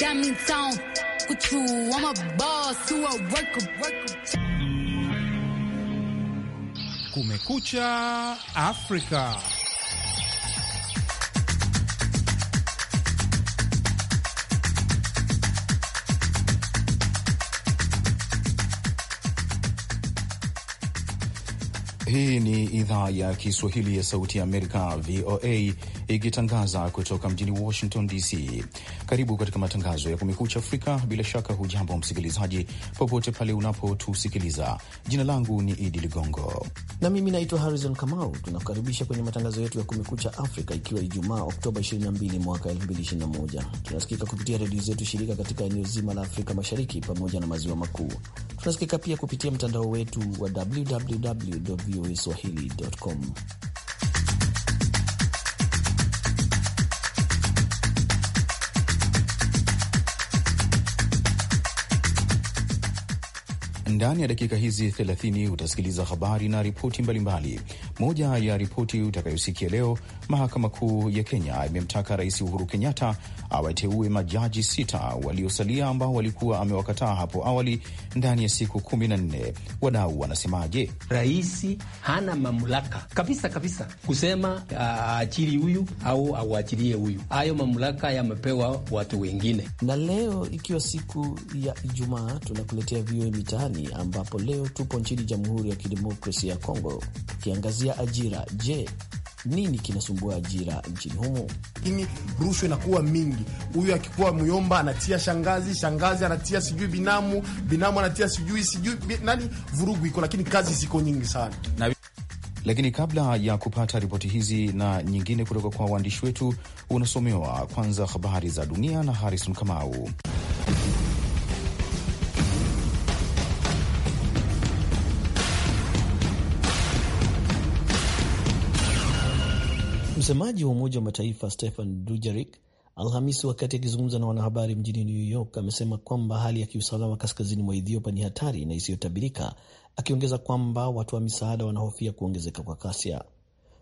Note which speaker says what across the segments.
Speaker 1: That means I don't f with you. I'm a boss to a worker, worker. Kumekucha Africa.
Speaker 2: Hii ni idhaa ya Kiswahili ya Sauti ya Amerika, VOA ikitangaza kutoka mjini Washington DC. Karibu katika matangazo ya Kumekucha Afrika. Bila shaka, hujambo msikilizaji, popote pale unapotusikiliza.
Speaker 3: Jina langu ni Idi Ligongo na mimi naitwa Harrison Kamau. Tunakukaribisha kwenye matangazo yetu ya Kumekucha Afrika, ikiwa Ijumaa Oktoba 22 mwaka 2021. Tunasikika kupitia redio zetu shirika katika eneo zima la Afrika Mashariki pamoja na maziwa makuu. Tunasikika pia kupitia mtandao wetu wa www voa
Speaker 2: Ndani ya dakika hizi 30 utasikiliza habari na ripoti mbalimbali. Moja ya ripoti utakayosikia leo, mahakama kuu ya Kenya imemtaka Rais Uhuru Kenyatta awateue majaji sita waliosalia ambao walikuwa amewakataa hapo awali ndani ya siku kumi na nne.
Speaker 4: Wadau wanasemaje? Raisi hana mamlaka kabisa kabisa kusema ah, aachili huyu au auachilie huyu. Hayo mamlaka yamepewa watu wengine.
Speaker 3: Na leo ikiwa siku ya Ijumaa, tunakuletea VOA Mitaani, ambapo leo tupo nchini Jamhuri ya Kidemokrasia ya Kongo tukiangazia ajira. Je, nini kinasumbua ajira nchini humo? Ini rushwa inakuwa mingi. Huyu akikuwa myomba
Speaker 1: anatia shangazi, shangazi anatia sijui binamu, binamu anatia sijui sijui nani, vurugu iko, lakini kazi ziko nyingi sana
Speaker 2: na lakini kabla ya kupata ripoti hizi na nyingine kutoka kwa waandishi wetu, unasomewa kwanza habari za dunia na Harrison Kamau.
Speaker 3: Msemaji wa Umoja wa Mataifa Stefan Dujarik Alhamisi, wakati akizungumza na wanahabari mjini New York, amesema kwamba hali ya kiusalama kaskazini mwa Ethiopia ni hatari na isiyotabirika, akiongeza kwamba watu wa misaada wanahofia kuongezeka kwa kasia.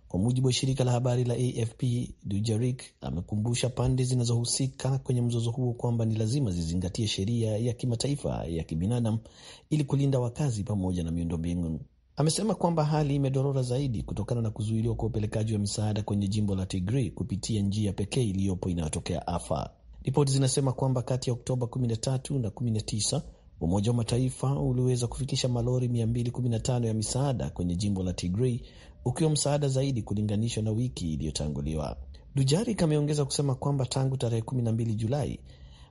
Speaker 3: Kwa mujibu wa shirika la habari la AFP, Dujarik amekumbusha pande zinazohusika kwenye mzozo huo kwamba ni lazima zizingatie sheria ya kimataifa ya kibinadamu ili kulinda wakazi pamoja na miundombinu. Amesema kwamba hali imedorora zaidi kutokana na kuzuiliwa kwa upelekaji wa misaada kwenye jimbo la Tigray kupitia njia pekee iliyopo inayotokea Afar. Ripoti zinasema kwamba kati ya Oktoba 13 na 19 Umoja wa Mataifa uliweza kufikisha malori 215 ya misaada kwenye jimbo la Tigray, ukiwa msaada zaidi kulinganishwa na wiki iliyotanguliwa. Dujarik ameongeza kusema kwamba tangu tarehe 12 Julai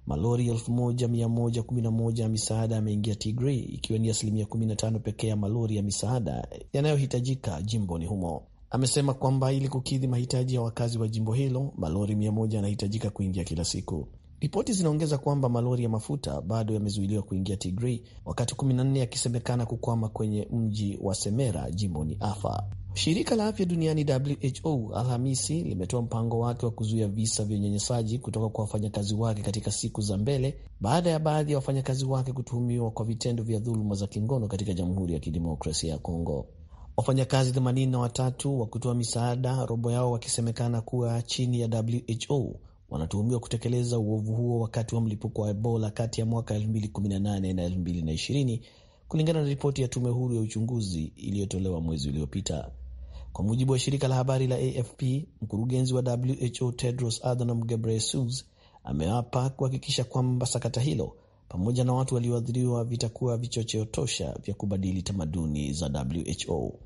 Speaker 3: Malori 1111 ya misaada yameingia Tigray, ikiwa ni asilimia 15 pekee ya malori ya misaada yanayohitajika jimboni humo. Amesema kwamba ili kukidhi mahitaji ya wakazi wa jimbo hilo, malori 100 yanahitajika kuingia kila siku. Ripoti zinaongeza kwamba malori ya mafuta bado yamezuiliwa kuingia Tigray, wakati 14 yakisemekana kukwama kwenye mji wa Semera jimboni Afar. Shirika la afya duniani WHO Alhamisi limetoa mpango wake wa kuzuia visa vya unyanyasaji kutoka kwa wafanyakazi wake katika siku za mbele baada ya baadhi ya wafanyakazi wake kutuhumiwa kwa vitendo vya dhuluma za kingono katika Jamhuri ya Kidemokrasia ya Kongo. Wafanyakazi 83 wa kutoa misaada, robo yao wakisemekana kuwa chini ya WHO, wanatuhumiwa kutekeleza uovu huo wakati wa mlipuko wa Ebola kati ya mwaka 2018 na 2020 kulingana na ripoti ya tume huru ya uchunguzi iliyotolewa mwezi uliopita. Kwa mujibu wa shirika la habari la AFP, mkurugenzi wa WHO Tedros Adhanom Ghebreyesus ameapa kuhakikisha kwamba sakata hilo pamoja na watu walioathiriwa vitakuwa vichocheo tosha vya kubadili tamaduni za WHO.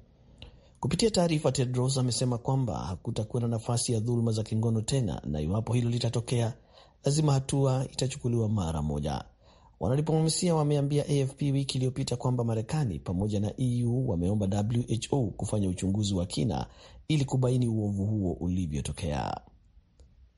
Speaker 3: Kupitia taarifa, Tedros amesema kwamba hakutakuwa na nafasi ya dhuluma za kingono tena, na iwapo hilo litatokea, lazima hatua itachukuliwa mara moja. Wanadiplomasia wameambia AFP wiki iliyopita kwamba Marekani pamoja na EU wameomba WHO kufanya uchunguzi wa kina ili kubaini uovu huo ulivyotokea.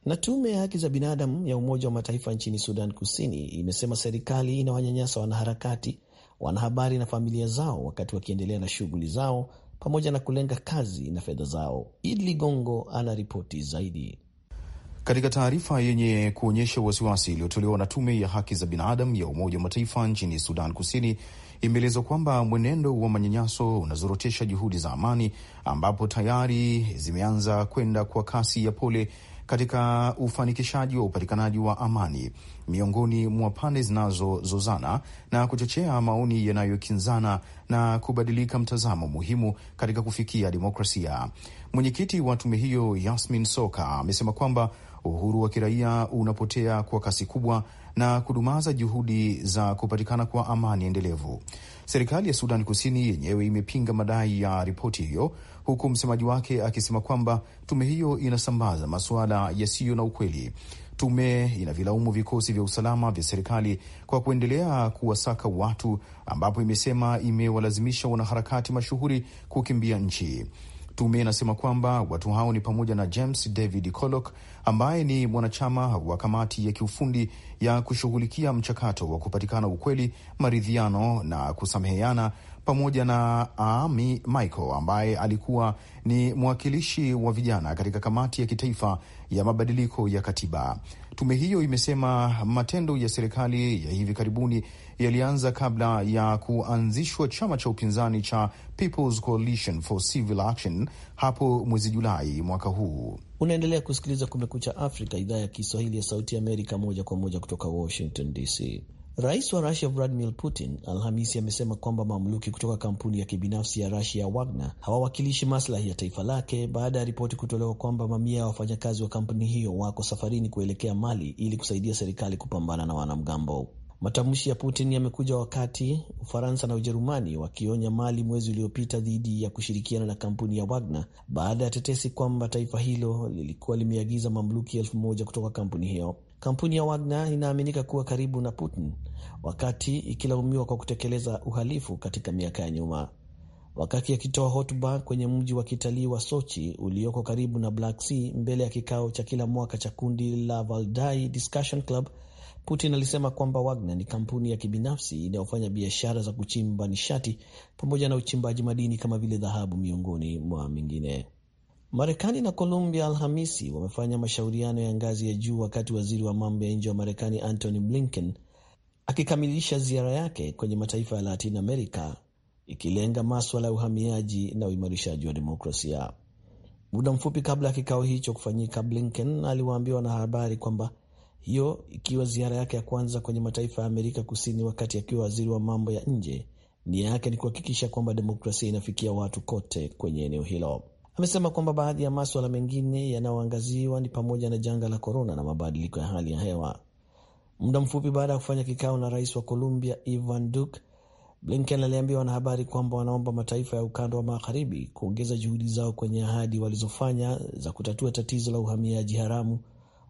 Speaker 3: Na tume ya haki za binadamu ya Umoja wa Mataifa nchini Sudan Kusini imesema serikali inawanyanyasa wanaharakati, wanahabari na familia zao wakati wakiendelea na shughuli zao pamoja na kulenga kazi na fedha zao. idli gongo ana ripoti zaidi. Katika taarifa yenye kuonyesha wasiwasi iliyotolewa na
Speaker 2: tume ya haki za binadamu ya Umoja wa Mataifa nchini Sudan Kusini, imeelezwa kwamba mwenendo wa manyanyaso unazorotesha juhudi za amani, ambapo tayari zimeanza kwenda kwa kasi ya pole katika ufanikishaji wa upatikanaji wa amani miongoni mwa pande zinazozozana na kuchochea maoni yanayokinzana na kubadilika mtazamo muhimu katika kufikia demokrasia. Mwenyekiti wa tume hiyo Yasmin Soka amesema kwamba uhuru wa kiraia unapotea kwa kasi kubwa na kudumaza juhudi za kupatikana kwa amani endelevu. Serikali ya Sudan Kusini yenyewe imepinga madai ya ripoti hiyo, huku msemaji wake akisema kwamba tume hiyo inasambaza masuala yasiyo na ukweli. Tume inavilaumu vikosi vya usalama vya serikali kwa kuendelea kuwasaka watu, ambapo imesema imewalazimisha wanaharakati mashuhuri kukimbia nchi. Tume inasema kwamba watu hao ni pamoja na James David Colock ambaye ni mwanachama wa kamati ya kiufundi ya kushughulikia mchakato wa kupatikana ukweli, maridhiano na kusameheana, pamoja na Ami Michael ambaye alikuwa ni mwakilishi wa vijana katika kamati ya kitaifa ya mabadiliko ya katiba. Tume hiyo imesema matendo ya serikali ya hivi karibuni yalianza kabla ya kuanzishwa chama cha upinzani
Speaker 3: cha People's Coalition for Civil Action hapo mwezi Julai mwaka huu. Unaendelea kusikiliza Kumekucha Afrika, idhaa ya Kiswahili ya Sauti ya Amerika, moja kwa moja kutoka Washington DC. Rais wa Rusia Vladimir Putin Alhamisi amesema kwamba mamluki kutoka kampuni ya kibinafsi ya Rusia ya Wagner hawawakilishi maslahi ya taifa lake baada ya ripoti kutolewa kwamba mamia ya wafanyakazi wa kampuni hiyo wako safarini kuelekea Mali ili kusaidia serikali kupambana na wanamgambo. Matamshi ya Putin yamekuja wakati Ufaransa na Ujerumani wakionya Mali mwezi uliopita dhidi ya kushirikiana na kampuni ya Wagner baada ya tetesi kwamba taifa hilo lilikuwa limeagiza mamluki elfu moja kutoka kampuni hiyo. Kampuni ya Wagner inaaminika kuwa karibu na Putin, wakati ikilaumiwa kwa kutekeleza uhalifu katika miaka ya nyuma. Wakati akitoa hotuba kwenye mji wa kitalii wa Sochi ulioko karibu na Black Sea mbele ya kikao cha kila mwaka cha kundi la Valdai Discussion Club, Putin alisema kwamba Wagner ni kampuni ya kibinafsi inayofanya biashara za kuchimba nishati pamoja na uchimbaji madini kama vile dhahabu miongoni mwa mingine. Marekani na Colombia Alhamisi wamefanya mashauriano ya ngazi ya juu wakati waziri wa mambo ya nje wa Marekani Antony Blinken akikamilisha ziara yake kwenye mataifa ya Latin America ikilenga maswala ya uhamiaji na uimarishaji wa demokrasia. Muda mfupi kabla ya kikao hicho kufanyika, Blinken aliwaambia wanahabari kwamba hiyo ikiwa ziara yake ya kwanza kwenye mataifa ya Amerika Kusini wakati akiwa waziri wa mambo ya nje, nia yake ni kuhakikisha kwamba demokrasia inafikia watu kote kwenye eneo hilo. Amesema kwamba baadhi ya maswala mengine yanayoangaziwa ni pamoja na janga la korona na mabadiliko ya hali ya hewa. Muda mfupi baada ya kufanya kikao na rais wa Colombia Ivan Duque, Blinken aliambia wanahabari kwamba wanaomba mataifa ya ukanda wa magharibi kuongeza juhudi zao kwenye ahadi walizofanya za kutatua tatizo la uhamiaji haramu,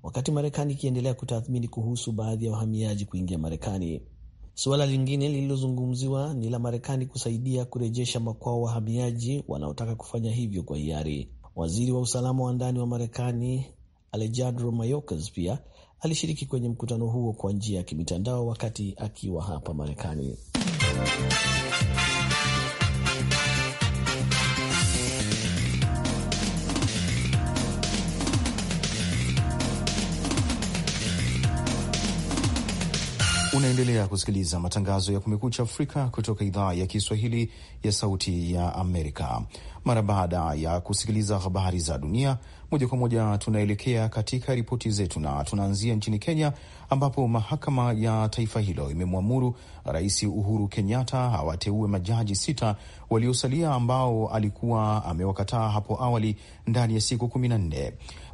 Speaker 3: wakati Marekani ikiendelea kutathmini kuhusu baadhi ya wahamiaji kuingia Marekani. Suala lingine lililozungumziwa ni la Marekani kusaidia kurejesha makwao wahamiaji wanaotaka kufanya hivyo kwa hiari. Waziri wa usalama wa ndani wa Marekani Alejandro Mayorkas pia alishiriki kwenye mkutano huo kwa njia ya kimitandao wakati akiwa hapa Marekani.
Speaker 2: Unaendelea kusikiliza matangazo ya Kumekucha Afrika kutoka idhaa ya Kiswahili ya Sauti ya Amerika. Mara baada ya kusikiliza habari za dunia moja kwa moja, tunaelekea katika ripoti zetu na tunaanzia nchini Kenya, ambapo mahakama ya taifa hilo imemwamuru Rais Uhuru Kenyatta awateue majaji sita waliosalia ambao alikuwa amewakataa hapo awali ndani ya siku kumi na nne.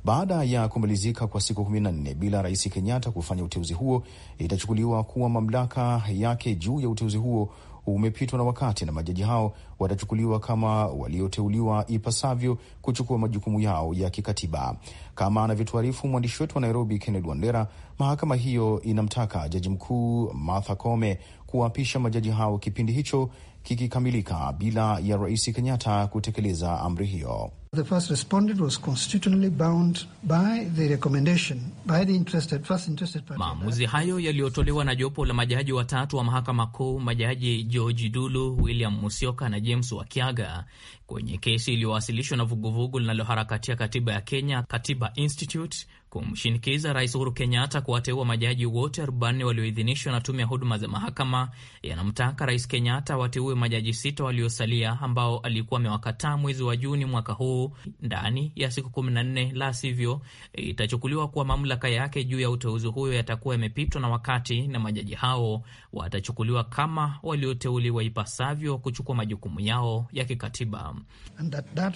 Speaker 2: Baada ya kumalizika kwa siku kumi na nne bila Rais Kenyatta kufanya uteuzi huo, itachukuliwa kuwa mamlaka yake juu ya uteuzi huo umepitwa na wakati na majaji hao watachukuliwa kama walioteuliwa ipasavyo kuchukua majukumu yao ya kikatiba. Kama anavyotuarifu mwandishi wetu wa Nairobi, kenned Wandera, mahakama hiyo inamtaka jaji mkuu Martha Koome kuwaapisha majaji hao kipindi hicho kikikamilika bila ya Rais Kenyatta kutekeleza amri hiyo.
Speaker 4: The first respondent was constitutionally bound by the recommendation by the interested, first interested party. Maamuzi
Speaker 5: hayo yaliyotolewa na jopo la majaji watatu wa mahakama kuu, majaji George Dulu, William musioka na James Wakiaga, kwenye kesi iliyowasilishwa na vuguvugu linaloharakatia katiba ya Kenya, Katiba Institute, kumshinikiza Rais Uhuru Kenyatta kuwateua majaji wote 40 walioidhinishwa na tume ya huduma za mahakama, yanamtaka Rais Kenyatta wateue majaji sita waliosalia ambao alikuwa amewakataa mwezi wa Juni mwaka huu ndani ya siku 14, la sivyo itachukuliwa kuwa mamlaka yake juu ya uteuzi huyo yatakuwa yamepitwa na wakati, na majaji hao watachukuliwa kama walioteuliwa ipasavyo kuchukua majukumu yao ya kikatiba. And that, that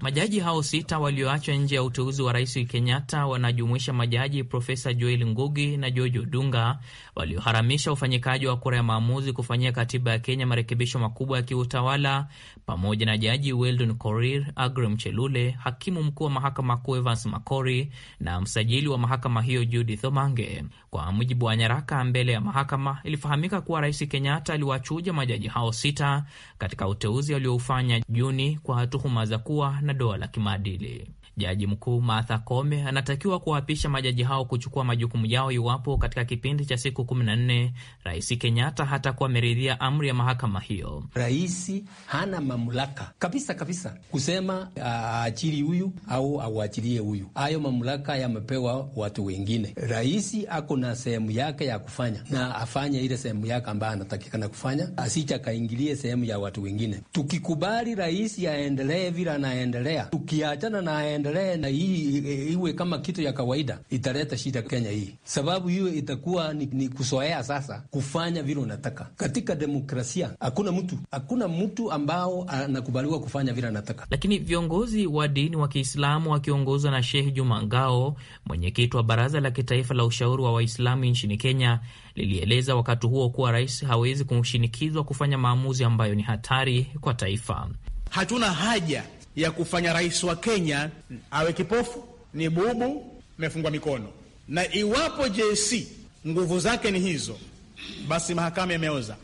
Speaker 5: Majaji hao sita walioachwa nje ya uteuzi wa rais Kenyatta wanajumuisha majaji Profesa Joel Ngugi na George Odunga walioharamisha ufanyikaji wa kura ya maamuzi kufanyia katiba ya Kenya marekebisho makubwa ya kiutawala, pamoja na jaji Weldon Korir, Agre Mchelule, hakimu mkuu wa mahakama kuu Evans Makori na msajili wa mahakama hiyo Judith Omange. Kwa mujibu wa nyaraka mbele ya mahakama, ilifahamika kuwa rais Kenyatta aliwachuja majaji hao sita katika uteuzi alioufanya Kenya Juni kwa tuhuma za kuwa na doa la kimaadili. Jaji mkuu Martha Koome anatakiwa kuwaapisha majaji hao kuchukua majukumu yao iwapo katika kipindi cha siku 14 Rais Kenyatta hatakuwa ameridhia amri ya mahakama hiyo.
Speaker 4: Rais hana mamlaka kabisa kabisa kusema aachili huyu au auachilie huyu. Hayo mamlaka yamepewa watu wengine. Rais ako na sehemu yake ya kufanya na afanye ile sehemu yake ambayo anatakikana kufanya, asicha kaingilie sehemu ya watu wengine. Tukikubali rais aendelee vile anaendelea, tukiachana na tuendelee na hii iwe kama kitu ya kawaida, italeta shida Kenya hii, sababu hiyo itakuwa ni, ni kusoea sasa kufanya vile unataka. Katika demokrasia hakuna mtu hakuna mtu ambao anakubaliwa kufanya vile anataka. Lakini viongozi wa
Speaker 5: dini wa Kiislamu wakiongozwa na Sheikh Juma Ngao, mwenyekiti wa Baraza la Kitaifa la Ushauri wa Waislamu nchini Kenya, lilieleza wakati huo kuwa rais hawezi kushinikizwa kufanya maamuzi ambayo ni hatari kwa taifa.
Speaker 1: Hatuna haja ya kufanya rais wa Kenya awe kipofu, ni bubu, mefungwa mikono. Na iwapo JC nguvu zake ni hizo, basi mahakama imeoza.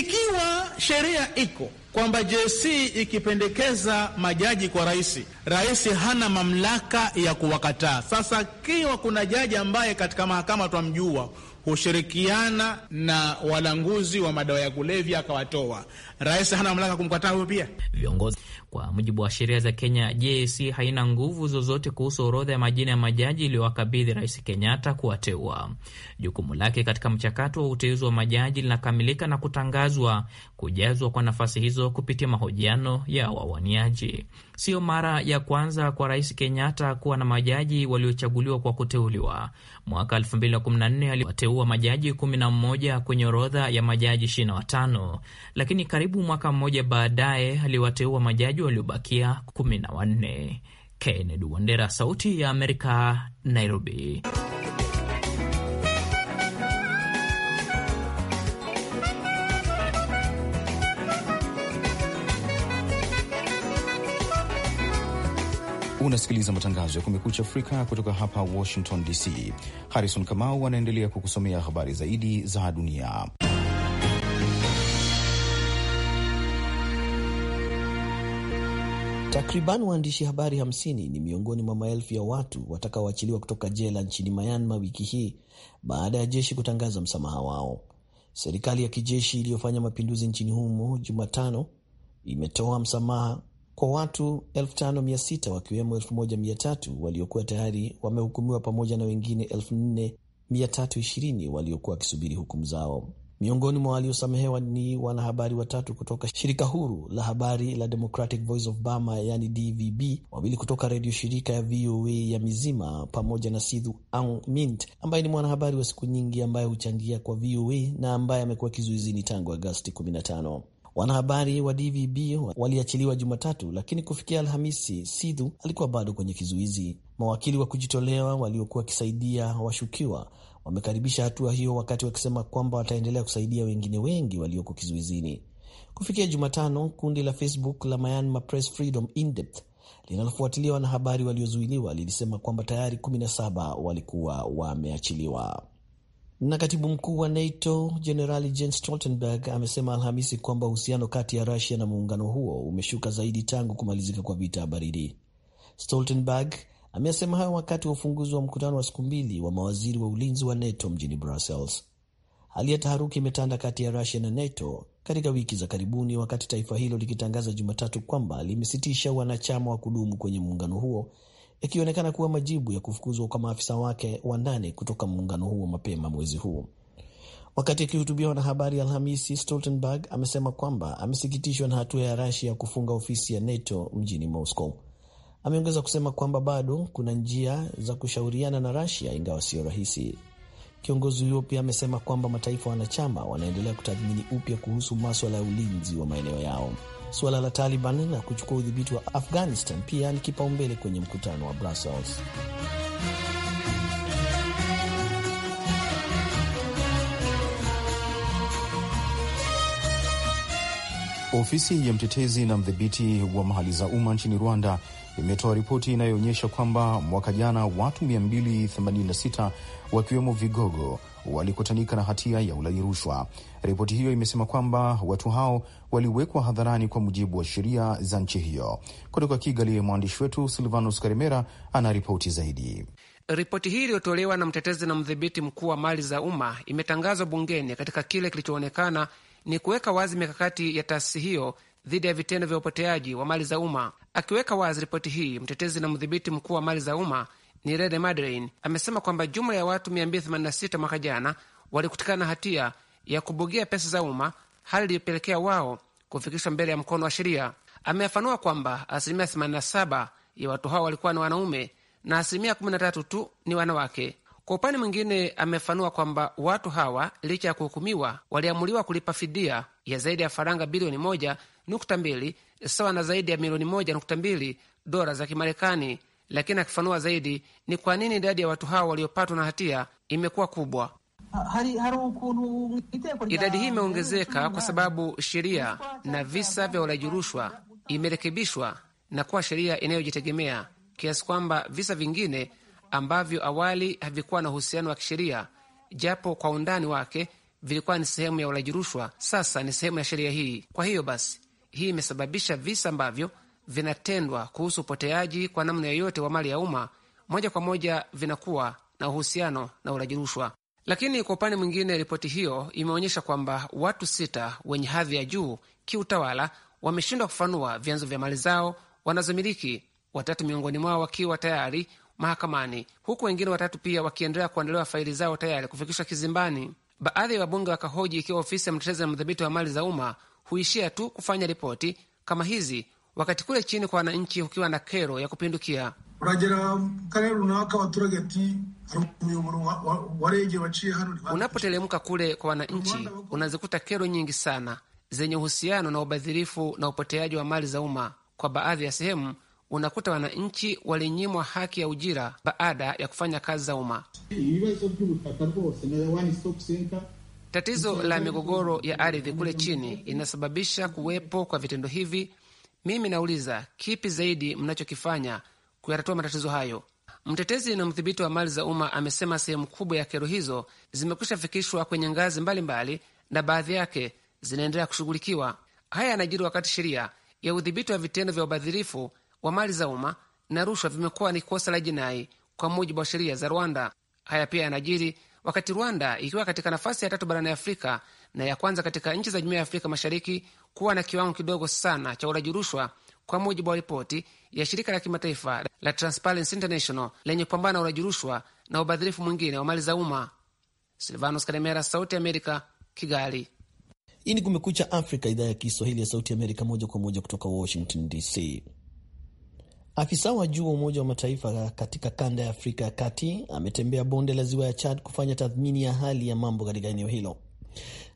Speaker 1: Ikiwa sheria iko kwamba JC ikipendekeza majaji kwa rais, rais hana mamlaka ya kuwakataa. Sasa kiwa kuna jaji ambaye katika mahakama twamjua hushirikiana na walanguzi wa madawa ya kulevya akawatoa.
Speaker 5: Rais hana mamlaka kumkataa huyo pia viongozi. Kwa mujibu wa sheria za Kenya, JSC haina nguvu zozote kuhusu orodha ya majina ya majaji iliyowakabidhi Rais Kenyatta kuwateua. Jukumu lake katika mchakato wa uteuzi wa majaji linakamilika na kutangazwa kujazwa kwa nafasi hizo kupitia mahojiano ya wawaniaji. Sio mara ya kwanza kwa Rais Kenyatta kuwa na majaji waliochaguliwa kwa kuteuliwa. Mwaka 2014 aliwateua majaji 11 kwenye orodha ya majaji 25, lakini karibu mwaka mmoja baadaye aliwateua majaji waliobakia 14. Kennedy Wandera, Sauti ya Amerika, Nairobi.
Speaker 2: Unasikiliza matangazo ya Kumekucha Afrika kutoka hapa Washington DC. Harrison Kamau anaendelea kukusomea habari zaidi za dunia.
Speaker 3: Takriban waandishi habari 50 ni miongoni mwa maelfu ya watu watakaoachiliwa kutoka jela nchini Myanmar wiki hii baada ya jeshi kutangaza msamaha wao. Serikali ya kijeshi iliyofanya mapinduzi nchini humo Jumatano imetoa msamaha kwa watu 5600 wakiwemo 1300 waliokuwa tayari wamehukumiwa pamoja na wengine 4320 waliokuwa wakisubiri hukumu zao. Miongoni mwa waliosamehewa ni wanahabari watatu kutoka shirika huru la habari la Democratic Voice of Burma, yani DVB, wawili kutoka redio shirika ya VOA ya Mizima, pamoja na Sidhu Aung Mint ambaye ni mwanahabari wa siku nyingi ambaye huchangia kwa VOA na ambaye amekuwa kizuizini tangu Agasti 15. Wanahabari wa DVB waliachiliwa Jumatatu, lakini kufikia Alhamisi Sidhu alikuwa bado kwenye kizuizi. Mawakili wa kujitolewa waliokuwa wakisaidia washukiwa wamekaribisha hatua hiyo, wakati wakisema kwamba wataendelea kusaidia wengine wengi walioko kizuizini. Kufikia Jumatano, kundi la Facebook la Myanmar Press Freedom Indepth linalofuatilia wanahabari waliozuiliwa lilisema kwamba tayari 17 walikuwa wameachiliwa. Na katibu mkuu wa NATO Jenerali Jens Stoltenberg amesema Alhamisi kwamba uhusiano kati ya Rusia na muungano huo umeshuka zaidi tangu kumalizika kwa vita ya baridi. Stoltenberg amesema hayo wakati wa ufunguzi wa mkutano wa siku mbili wa mawaziri wa ulinzi wa NATO mjini Brussels. Hali ya taharuki imetanda kati ya Rusia na NATO katika wiki za karibuni, wakati taifa hilo likitangaza Jumatatu kwamba limesitisha wanachama wa kudumu kwenye muungano huo ikionekana kuwa majibu ya kufukuzwa kwa maafisa wake wa ndani kutoka muungano huo mapema mwezi huu. Wakati akihutubia wanahabari Alhamisi, Stoltenberg amesema kwamba amesikitishwa na hatua ya Rasia ya kufunga ofisi ya NATO mjini Moscow. Ameongeza kusema kwamba bado kuna njia za kushauriana na Rasia ingawa sio rahisi. Kiongozi huyo pia amesema kwamba mataifa wanachama wanaendelea kutathmini upya kuhusu maswala ya ulinzi wa maeneo yao suala la Taliban na kuchukua udhibiti wa Afghanistan pia ni kipaumbele kwenye mkutano wa Brussels.
Speaker 2: Ofisi ya mtetezi na mdhibiti wa mali za umma nchini Rwanda imetoa ripoti inayoonyesha kwamba mwaka jana watu 286 wakiwemo vigogo walikutanika na hatia ya ulaji rushwa. Ripoti hiyo imesema kwamba watu hao waliwekwa hadharani kwa mujibu wa sheria za nchi hiyo. Kutoka Kigali, mwandishi wetu Silvanus Karimera ana ripoti zaidi.
Speaker 4: Ripoti hii iliyotolewa na mtetezi na mdhibiti mkuu wa mali za umma imetangazwa bungeni katika kile kilichoonekana ni kuweka wazi mikakati ya taasisi hiyo dhidi ya vitendo vya upoteaji wa mali za umma. Akiweka wazi ripoti hii, mtetezi na mdhibiti mkuu wa mali za umma Nirede Madrein amesema kwamba jumla ya watu 286 mwaka jana walikutikana na hatia ya kubugia pesa za umma, hali iliyopelekea wao kufikishwa mbele ya mkono wa sheria. Ameafanua kwamba asilimia 87 ya watu hao walikuwa ni wanaume na asilimia 13 tu ni wanawake. Kwa upande mwingine, amefanua kwamba watu hawa licha ya kuhukumiwa waliamuliwa kulipa fidia ya zaidi ya faranga bilioni moja nukta mbili sawa na zaidi ya milioni moja nukta mbili dola za Kimarekani lakini akifanua zaidi ni kwa nini idadi ya watu hao waliopatwa na hatia imekuwa kubwa. Idadi hii imeongezeka kwa sababu sheria na visa vya ulaji rushwa imerekebishwa na kuwa sheria inayojitegemea kiasi kwamba visa vingine ambavyo awali havikuwa na uhusiano wa kisheria japo kwa undani wake vilikuwa ni sehemu ya ulaji rushwa, sasa ni sehemu ya sheria hii. Kwa hiyo basi, hii imesababisha visa ambavyo vinatendwa kuhusu upoteaji kwa namna yoyote wa mali ya umma moja kwa moja vinakuwa na uhusiano na ulaji rushwa. Lakini kwa upande mwingine, ripoti hiyo imeonyesha kwamba watu sita wenye hadhi ya juu kiutawala wameshindwa kufanua vyanzo vya mali zao wanazomiliki, watatu miongoni mwao wakiwa tayari mahakamani, huku wengine watatu pia wakiendelea kuandolewa faili zao tayari kufikishwa kizimbani. Baadhi ya wabunge wakahoji ikiwa ofisi ya mtetezi na mdhibiti wa mali za umma huishia tu kufanya ripoti kama hizi wakati kule chini kwa wananchi kukiwa na kero ya kupindukia. Unapotelemka kule kwa wananchi, unazikuta kero nyingi sana zenye uhusiano na ubadhirifu na upoteaji wa mali za umma. Kwa baadhi ya sehemu unakuta wananchi walinyimwa haki ya ujira baada ya kufanya kazi za umma. Tatizo la migogoro ya ardhi kule chini inasababisha kuwepo kwa vitendo hivi mimi nauliza kipi zaidi mnachokifanya kuyatatua matatizo hayo? Mtetezi na mdhibiti wa mali za umma amesema sehemu kubwa ya kero hizo zimekwisha fikishwa kwenye ngazi mbalimbali mbali, na baadhi yake zinaendelea kushughulikiwa. Haya yanajiri wakati sheria ya udhibiti wa vitendo vya ubadhirifu wa mali za umma na rushwa vimekuwa ni kosa la jinai kwa mujibu wa sheria za Rwanda. Haya pia yanajiri wakati Rwanda ikiwa katika nafasi ya tatu barani Afrika na ya kwanza katika nchi za Jumuiya ya Afrika Mashariki kuwa na kiwango kidogo sana cha ulaji rushwa, kwa mujibu wa ripoti ya shirika la kimataifa la Transparency International lenye kupambana na ulaji rushwa na ubadhirifu mwingine wa mali za umma. Silvanos Karemera, Sauti Amerika, Kigali.
Speaker 3: Hii ni Kumekucha Afrika, idhaa ya Kiswahili ya Sauti Amerika, moja kwa moja kutoka Washington DC. Afisa wa juu wa Umoja wa Mataifa katika kanda ya Afrika ya Kati ametembea bonde la ziwa ya Chad kufanya tathmini ya hali ya mambo katika eneo hilo.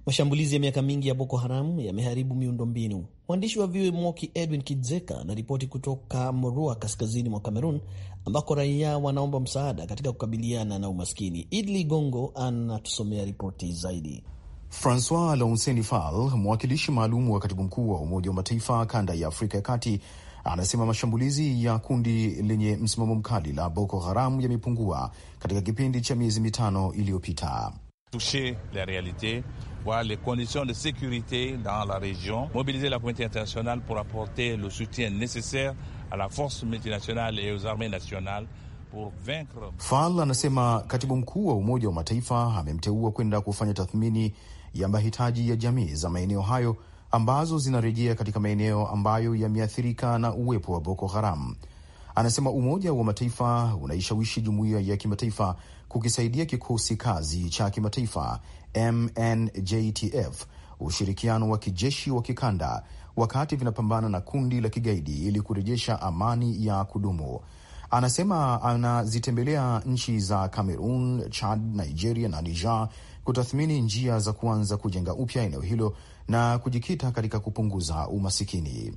Speaker 3: Mashambulizi ya miaka mingi ya Boko Haram yameharibu miundo mbinu. Mwandishi wa VOA Moki Edwin Kidzeka anaripoti kutoka Morua, kaskazini mwa Cameroon, ambako raia wanaomba msaada katika kukabiliana na umaskini. Idli Gongo anatusomea ripoti zaidi. Francois Lonsenifal, mwakilishi maalum wa katibu mkuu
Speaker 2: wa Umoja wa Mataifa kanda ya Afrika ya Kati, anasema mashambulizi ya kundi lenye msimamo mkali la Boko Haram yamepungua katika kipindi cha miezi mitano iliyopita.
Speaker 6: toucher la realite voir les conditions de dans la mobiliser la communauté internationale pour apporter le soutien la force multinationale et aux armées nationales
Speaker 2: anasema katibu mkuu wa Umoja wa Mataifa amemteua kwenda kufanya tathmini ya mahitaji ya jamii za maeneo hayo ambazo zinarejea katika maeneo ambayo yameathirika na uwepo wa Boko Haram. Anasema Umoja wa Mataifa unaishawishi jumuiya ya kimataifa kukisaidia kikosi kazi cha kimataifa MNJTF, ushirikiano wa kijeshi wa kikanda, wakati vinapambana na kundi la kigaidi ili kurejesha amani ya kudumu. Anasema anazitembelea nchi za Cameroon, Chad, Nigeria na Niger kutathmini njia za kuanza kujenga upya eneo hilo na kujikita katika kupunguza umasikini.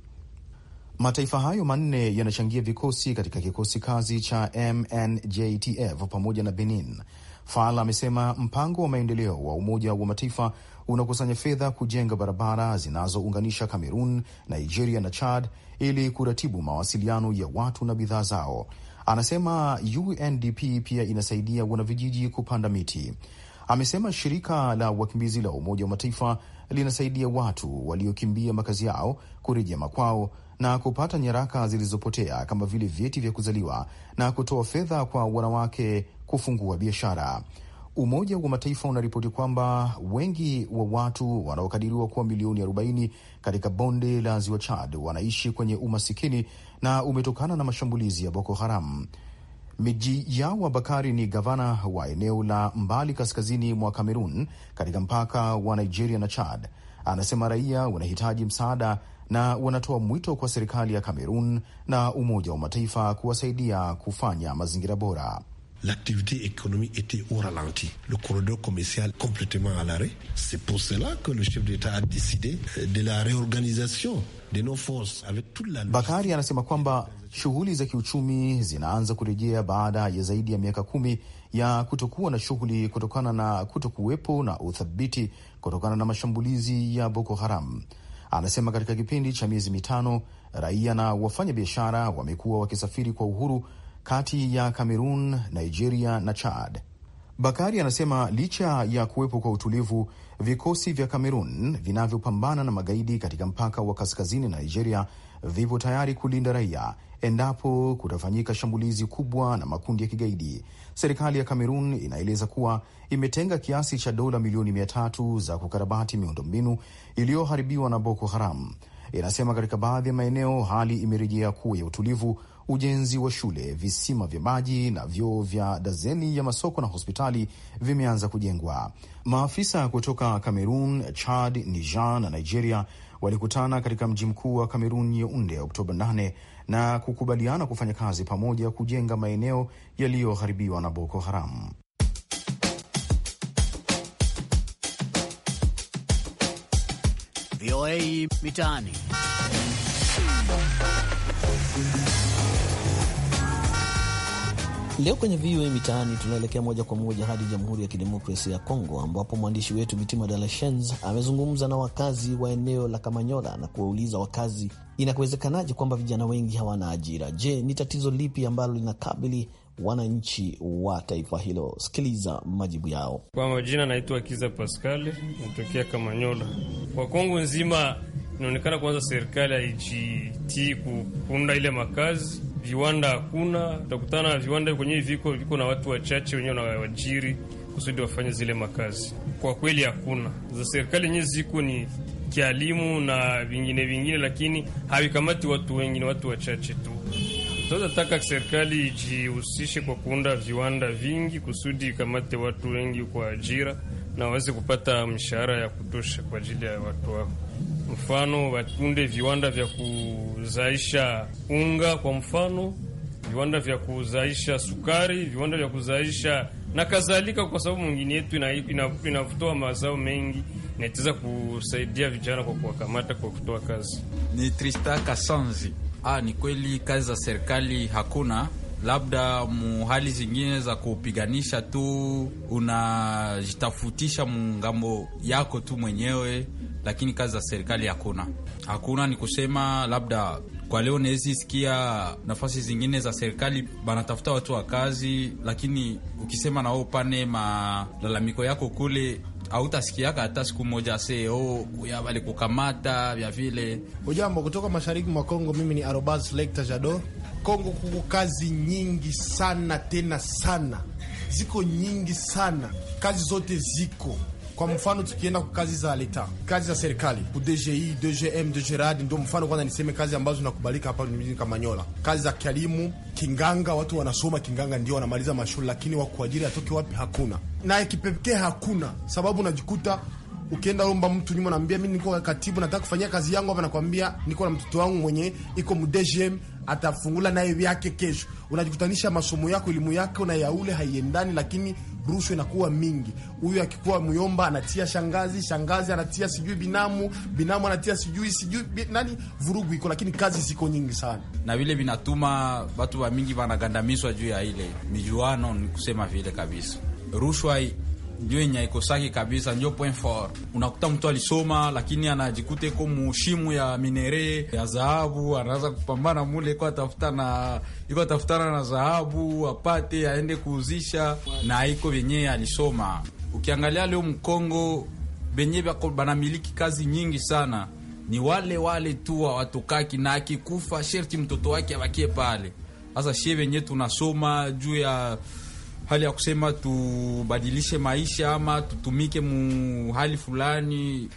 Speaker 2: Mataifa hayo manne yanachangia vikosi katika kikosi kazi cha MNJTF pamoja na Benin. Fal amesema mpango wa maendeleo wa Umoja wa Mataifa unakusanya fedha kujenga barabara zinazounganisha Kamerun, Nigeria na Chad ili kuratibu mawasiliano ya watu na bidhaa zao. Anasema UNDP pia inasaidia wanavijiji kupanda miti amesema shirika la wakimbizi la Umoja wa Mataifa linasaidia watu waliokimbia makazi yao kurejea makwao na kupata nyaraka zilizopotea kama vile vyeti vya kuzaliwa na kutoa fedha kwa wanawake kufungua biashara. Umoja wa Mataifa unaripoti kwamba wengi wa watu wanaokadiriwa kuwa milioni 40 katika bonde la ziwa Chad wanaishi kwenye umasikini na umetokana na mashambulizi ya Boko Haram miji Mejiyawa Bakari ni gavana wa eneo la mbali kaskazini mwa Kamerun katika mpaka wa Nigeria na Chad. Anasema raia wanahitaji msaada na wanatoa mwito kwa serikali ya Kamerun na Umoja wa Mataifa kuwasaidia kufanya mazingira bora. L'activité économique était au ralenti. Le corridor commercial
Speaker 1: complètement à l'arrêt. C'est pour cela que le chef d'État a décidé euh, de la réorganisation Bakari
Speaker 2: anasema kwamba shughuli za kiuchumi zinaanza kurejea baada ya zaidi ya miaka kumi ya kutokuwa na shughuli kutokana na kutokuwepo na uthabiti kutokana na mashambulizi ya Boko Haram. Anasema katika kipindi cha miezi mitano raia na wafanyabiashara wamekuwa wakisafiri kwa uhuru kati ya Kamerun, Nigeria na Chad. Bakari anasema licha ya kuwepo kwa utulivu, vikosi vya Kamerun vinavyopambana na magaidi katika mpaka wa kaskazini na Nigeria vipo tayari kulinda raia endapo kutafanyika shambulizi kubwa na makundi ya kigaidi. Serikali ya Kamerun inaeleza kuwa imetenga kiasi cha dola milioni mia tatu za kukarabati miundombinu iliyoharibiwa na Boko Haram. Inasema katika baadhi ya maeneo hali imerejea kuwa ya utulivu ujenzi wa shule, visima vya maji na vyoo vya dazeni ya masoko na hospitali vimeanza kujengwa. Maafisa kutoka Cameroon, Chad, Niger na Nigeria walikutana katika mji mkuu wa Kamerun, Yeunde, Oktoba 8 na kukubaliana kufanya kazi pamoja kujenga maeneo yaliyoharibiwa na Boko Haram.
Speaker 6: VOA Mitaani.
Speaker 3: Leo kwenye VOA Mitaani tunaelekea moja kwa moja hadi Jamhuri ya Kidemokrasia ya Kongo, ambapo mwandishi wetu Mitima Dalashens amezungumza na wakazi wa eneo la Kamanyola na kuwauliza wakazi inakuwezekanaje kwamba vijana wengi hawana ajira. Je, ni tatizo lipi ambalo linakabili wananchi wa taifa hilo? Sikiliza majibu yao.
Speaker 7: Kwa majina, naitwa Kiza Paskali, natokea Kamanyola. Kwa Kongo nzima inaonekana kwanza serikali haijitii kuunda ile makazi viwanda hakuna. Utakutana viwanda kwenyewe viko viko na watu wachache wenyewe na wajiri kusudi wafanye zile makazi, kwa kweli hakuna. Za serikali yenyewe ziko ni kialimu na vingine vingine, lakini havikamati watu wengi, ni watu wachache tu. Tunataka serikali ijihusishe kwa kuunda viwanda vingi kusudi ikamate watu wengi kwa ajira na waweze kupata mshahara ya kutosha kwa ajili ya watu wao mfano watunde viwanda vya kuzalisha unga, kwa mfano viwanda vya kuzalisha sukari, viwanda vya kuzalisha na kadhalika, kwa sababu mwingine yetu inavutoa mazao mengi inaweza kusaidia vijana kwa kuwakamata kwa kutoa kazi. Ni Trista Kasanzi. Ah, ni kweli kazi za serikali hakuna,
Speaker 6: labda muhali zingine za kupiganisha tu, unajitafutisha mungambo yako tu mwenyewe lakini kazi za serikali hakuna, hakuna. Ni kusema labda kwa leo nawezi sikia nafasi zingine za serikali banatafuta watu wa kazi, lakini ukisema nao upane malalamiko yako kule autasikiaka hata siku moja seo oh, kuya bali kukamata vya vile.
Speaker 1: Ujambo kutoka mashariki mwa Kongo, mimi ni Arobas Lekta Jado. Kongo kuko kazi nyingi sana, tena sana, ziko nyingi sana, kazi zote ziko kwa mfano tukienda kwa kazi za leta, kazi za serikali, DGI, DGM, DGRAD, ndio mfano kwanza niseme kazi ambazo zinakubalika hapa mjini Kamanyola, kazi za kialimu kinganga. Watu wanasoma kinganga ndio wanamaliza mashule, lakini wakuajiri atoke wapi? Hakuna, na kipekee hakuna sababu, unajikuta ukienda lomba mtu nyuma, naambia mimi niko katibu, nataka kufanyia kazi yangu hapa, nakwambia niko na mtoto wangu mwenye iko mdgm atafungula naye yake kesho. Unajikutanisha masomo yako elimu yako na ya ule haiendani, lakini rushwa inakuwa mingi. Huyu akikuwa myomba anatia shangazi, shangazi anatia sijui binamu, binamu anatia sijui sijui nani, vurugu iko, lakini kazi ziko nyingi sana,
Speaker 6: na vile vinatuma watu wa mingi wanagandamizwa juu ya ile mijuano. Ni kusema vile kabisa rushwa ndio yenye aikosaki kabisa, ndio point fort. Unakuta mtu alisoma lakini anajikuta iko mushimu ya minere ya dhahabu, anaweza kupambana mule iko atafuta na iko atafutana na dhahabu apate, aende kuuzisha na iko vyenye alisoma. Ukiangalia leo Mkongo benye banamiliki kazi nyingi sana ni wale wale tu watokaki, na akikufa sherti mtoto wake abakie pale. Sasa shie venye tunasoma juu ya hali ya kusema tubadilishe maisha ama tutumike mu hali fulani,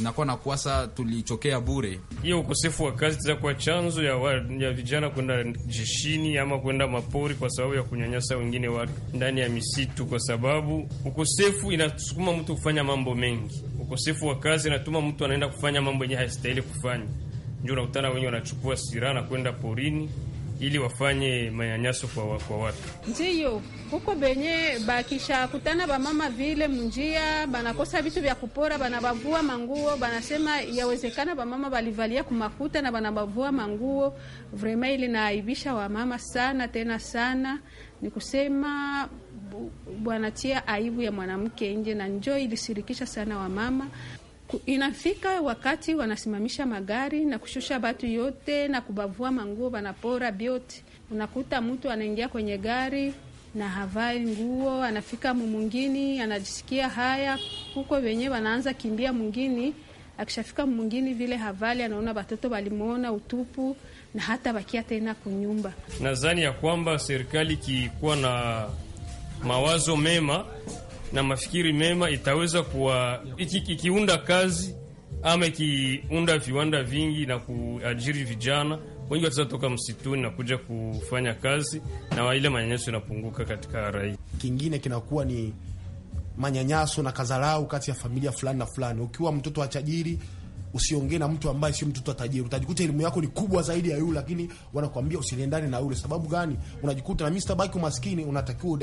Speaker 6: inakuwa na kuasa tulichokea bure.
Speaker 7: Hiyo ukosefu wa kazi za kuwa chanzo ya, wa, ya vijana kwenda jeshini ama kwenda mapori kwa sababu ya kunyanyasa wengine watu ndani ya misitu, kwa sababu ukosefu inasukuma mtu kufanya mambo mengi. Ukosefu wa kazi inatuma mtu anaenda kufanya mambo yenye hayastahili kufanya, ndio unakutana wenye wanachukua silaha na kwenda porini ili wafanye manyanyaso kwa, kwa watu
Speaker 1: ndiyo huko benye bakisha kutana bamama vile munjia banakosa vitu vya kupora, banabavua manguo, banasema yawezekana bamama balivalia kumafuta na banabavua manguo. Vrema ili naaibisha wamama sana tena sana, ni kusema bwanatia aibu ya mwanamke nje, na njo ilisirikisha sana wamama. Inafika wakati wanasimamisha magari na kushusha batu yote na kubavua manguo, wanapora byote. Unakuta mtu anaingia kwenye gari na havai nguo, anafika mumungini, anajisikia haya huko, wenyewe wanaanza kimbia mungini akishafika mungini vile havali anaona watoto walimwona utupu na hata bakia tena kunyumba.
Speaker 7: Nadhani ya kwamba serikali ikikuwa na mawazo mema na mafikiri mema itaweza kuwa ikiunda iki kazi ama ikiunda viwanda vingi na kuajiri vijana wengi toka msituni na kuja kufanya kazi na ile manyanyaso inapunguka katika raia.
Speaker 1: Kingine kinakuwa ni manyanyaso na kadharau kati ya familia fulani na fulani. Ukiwa mtoto wa tajiri usiongee na mtu ambaye sio mtoto tajiri. Utajikuta elimu yako ni kubwa zaidi ya yule, lakini wanakuambia usiliendane na yule. Sababu gani? Unajikuta na mimi sitabaki umaskini, unatakiwa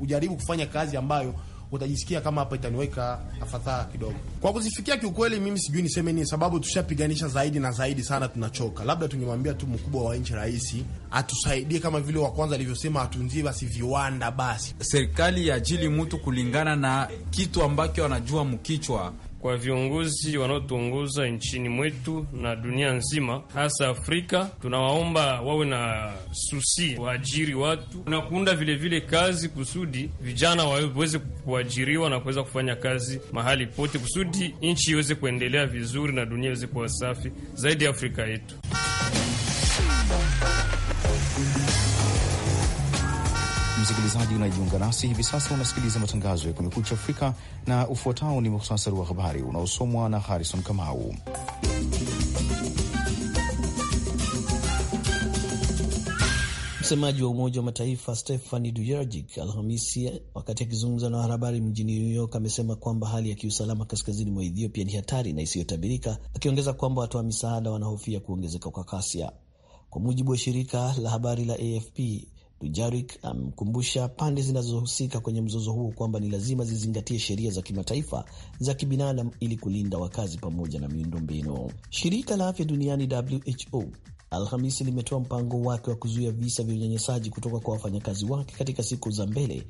Speaker 1: ujaribu kufanya kazi ambayo utajisikia kama hapa itaniweka afadhaa kidogo. Kwa kuzifikia kiukweli, mimi sijui niseme nini, sababu tushapiganisha zaidi na zaidi sana, tunachoka. Labda tungemwambia tu mkubwa wa nchi, rais atusaidie kama vile wa kwanza alivyosema, atunzie basi viwanda, basi
Speaker 6: serikali ajili mtu kulingana na kitu
Speaker 7: ambacho anajua mkichwa kwa viongozi wanaotuongoza nchini mwetu na dunia nzima, hasa Afrika. Tunawaomba wawe na susi, waajiri watu na kuunda vilevile kazi, kusudi vijana waweze kuajiriwa na kuweza kufanya kazi mahali pote, kusudi nchi iweze kuendelea vizuri na dunia iweze kuwa safi zaidi ya Afrika yetu.
Speaker 2: Msikilizaji unajiunga nasi hivi sasa, unasikiliza matangazo ya Kumekucha Afrika na ufuatao ni muhtasari wa habari unaosomwa na Harrison Kamau.
Speaker 3: Msemaji wa Umoja wa Mataifa Stephane Dujarric Alhamisi, wakati akizungumza na wanahabari mjini New York, amesema kwamba hali ya kiusalama kaskazini mwa Ethiopia ni hatari na isiyotabirika, akiongeza kwamba watoa misaada wanahofia kuongezeka kwa kasia Kwa mujibu wa shirika la habari la AFP, Dujarik amekumbusha pande zinazohusika kwenye mzozo huo kwamba ni lazima zizingatie sheria za kimataifa za kibinadamu ili kulinda wakazi pamoja na miundombinu. Shirika la afya duniani WHO Alhamisi limetoa mpango wake wa kuzuia visa vya unyanyasaji kutoka kwa wafanyakazi wake katika siku za mbele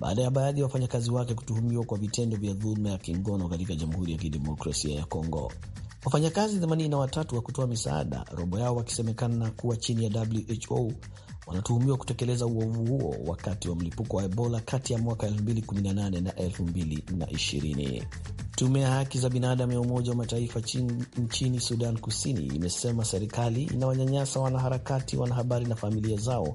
Speaker 3: baada ya baadhi ya wafanyakazi wake kutuhumiwa kwa vitendo vya dhuluma ya kingono katika Jamhuri ya Kidemokrasia ya Kongo. Wafanyakazi 83 wa kutoa misaada, robo yao wakisemekana kuwa chini ya WHO, wanatuhumiwa kutekeleza uovu huo wakati wa mlipuko wa Ebola kati ya mwaka 2018 na 2020. Tume ya haki za binadamu ya Umoja wa Mataifa nchini Sudan Kusini imesema serikali inawanyanyasa wanaharakati, wanahabari na familia zao